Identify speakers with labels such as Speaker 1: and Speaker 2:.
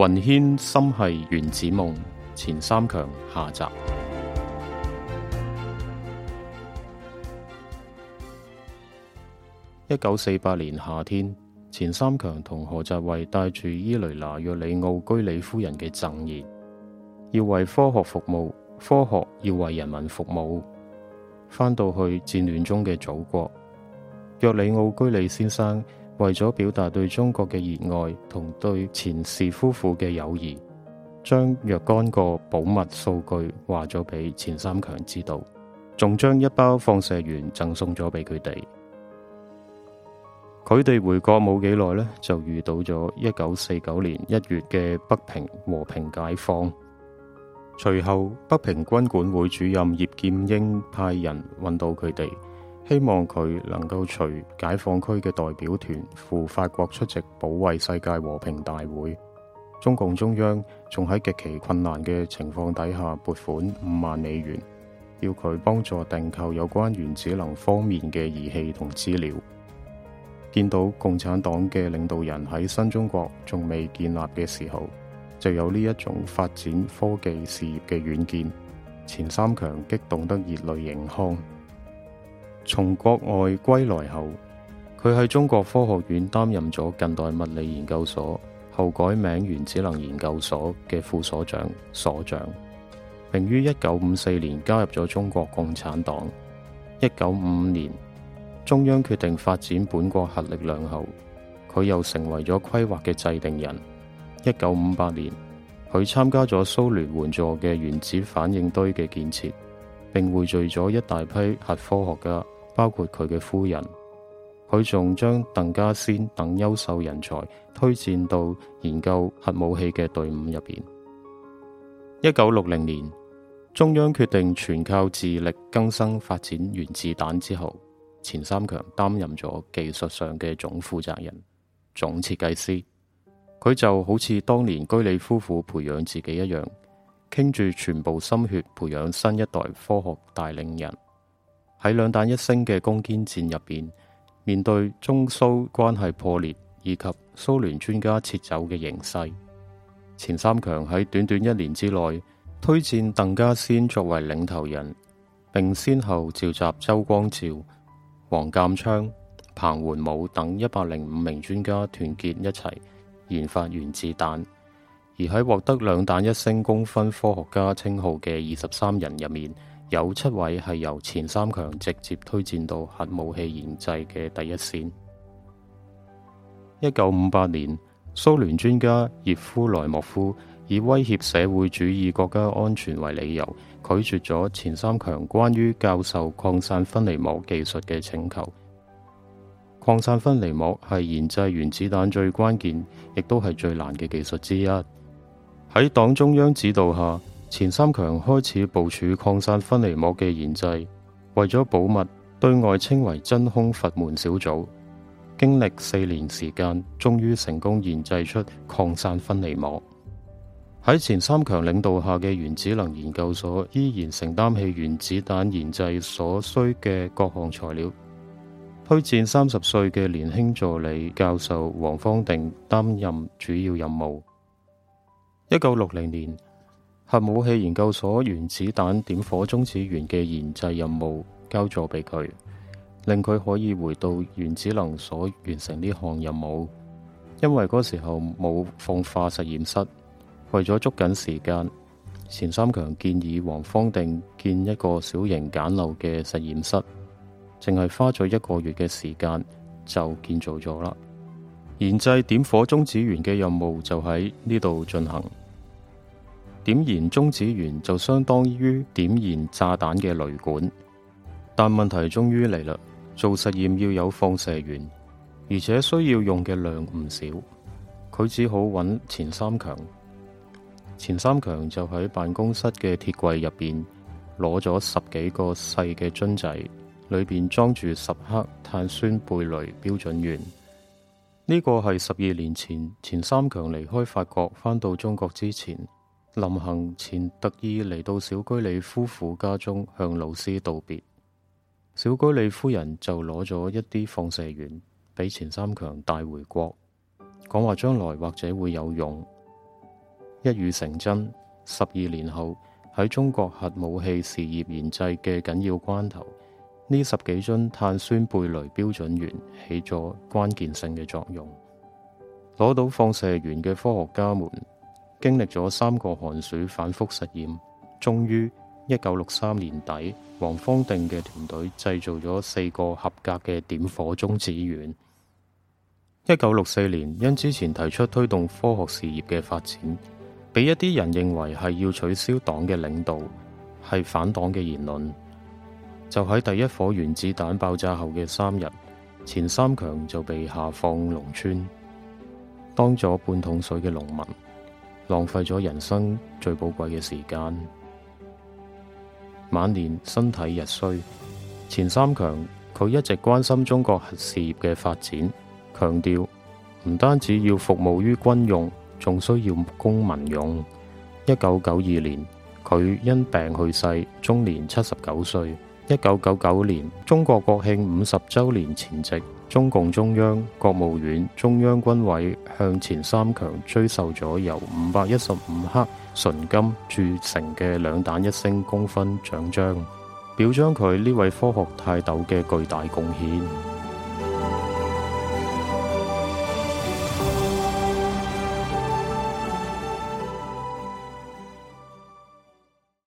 Speaker 1: 雲牽心繫原子夢，錢三強下集。一九四八年夏天，錢三強同何澤慧帶住伊蕾娜約里奧居里夫人嘅贈言，要為科學服務，科學要為人民服務。翻到去戰亂中嘅祖國，約里奧居里先生。為咗表達對中國嘅熱愛同對錢氏夫婦嘅友誼，將若干個保密數據話咗俾錢三強知道，仲將一包放射源贈送咗俾佢哋。佢哋回國冇幾耐呢就遇到咗一九四九年一月嘅北平和平解放。隨後，北平軍管會主任葉劍英派人揾到佢哋。希望佢能夠隨解放區嘅代表團赴法國出席保衛世界和平大會。中共中央仲喺極其困難嘅情況底下撥款五萬美元，要佢幫助訂購有關原子能方面嘅儀器同資料。見到共產黨嘅領導人喺新中國仲未建立嘅時候，就有呢一種發展科技事業嘅遠見，錢三強激動得熱淚盈眶。從國外歸來後，佢喺中國科學院擔任咗近代物理研究所，後改名原子能研究所嘅副所長、所長，並於一九五四年加入咗中國共產黨。一九五五年，中央決定發展本國核力量後，佢又成為咗規劃嘅制定人。一九五八年，佢參加咗蘇聯援助嘅原子反應堆嘅建設，並匯聚咗一大批核科學家。包括佢嘅夫人，佢仲將鄧稼先等優秀人才推薦到研究核武器嘅隊伍入邊。一九六零年，中央決定全靠自力更生發展原子彈之後，錢三強擔任咗技術上嘅總負責人、總設計師。佢就好似當年居里夫婦培養自己一樣，傾住全部心血培養新一代科學帶領人。喺兩彈一星嘅攻堅戰入邊，面對中蘇關係破裂以及蘇聯專家撤走嘅形勢，錢三強喺短短一年之內推薦鄧稼先作為領頭人，並先後召集周光召、王淦昌、彭桓武等一百零五名專家團結一齊研發原子彈。而喺獲得兩彈一星功勳科學家稱號嘅二十三人入面，有七位係由錢三強直接推薦到核武器研製嘅第一綫。一九五八年，蘇聯專家葉夫萊莫夫以威脅社會主義國家安全為理由，拒絕咗錢三強關於教授擴散分離膜技術嘅請求。擴散分離膜係研製原子彈最關鍵，亦都係最難嘅技術之一。喺黨中央指導下。錢三強開始部署擴散分離膜嘅研製，為咗保密，對外稱為真空閥門小組。經歷四年時間，終於成功研製出擴散分離膜。喺錢三強領導下嘅原子能研究所，依然承擔起原子彈研製所需嘅各項材料。推薦三十歲嘅年輕助理教授王方定擔任主要任務。一九六零年，核武器研究所原子彈點火中子源嘅研製任務交咗俾佢，令佢可以回到原子能所完成呢項任務。因為嗰時候冇放化實驗室，為咗捉緊時間，錢三強建議黃方定建一個小型簡陋嘅實驗室，淨係花咗一個月嘅時間就建造咗啦。研製點火中子源嘅任務就喺呢度進行。點燃中子源就相當於點燃炸彈嘅雷管，但問題終於嚟啦。做實驗要有放射源，而且需要用嘅量唔少。佢只好揾錢三強。錢三強就喺辦公室嘅鐵櫃入邊攞咗十幾個細嘅樽仔，裏邊裝住十克碳酸鋇鐳標準源。呢、這個係十二年前錢三強離開法國返到中國之前。臨行前，特意嚟到小居里夫婦家中向老師道別。小居里夫人就攞咗一啲放射源，俾錢三強帶回國，講話將來或者會有用。一語成真，十二年後喺中國核武器事業研製嘅緊要關頭，呢十幾樽碳酸鋇鐳標準源起咗關鍵性嘅作用。攞到放射源嘅科學家們。經歷咗三個寒暑反覆實驗，終於一九六三年底，黃方定嘅團隊製造咗四個合格嘅點火中子源。一九六四年，因之前提出推動科學事業嘅發展，俾一啲人認為係要取消黨嘅領導，係反黨嘅言論。就喺第一顆原子彈爆炸後嘅三日，錢三強就被下放農村，當咗半桶水嘅農民。浪費咗人生最寶貴嘅時間，晚年身體日衰。錢三強佢一直關心中國核事業嘅發展，強調唔單止要服務於軍用，仲需要公民用。一九九二年，佢因病去世，終年七十九歲。一九九九年，中國國慶五十周年前夕，中共中央、國務院、中央軍委向錢三強追授咗由五百一十五克純金鑄成嘅兩彈一星功勳獎章，表彰佢呢位科學泰斗嘅巨大貢獻。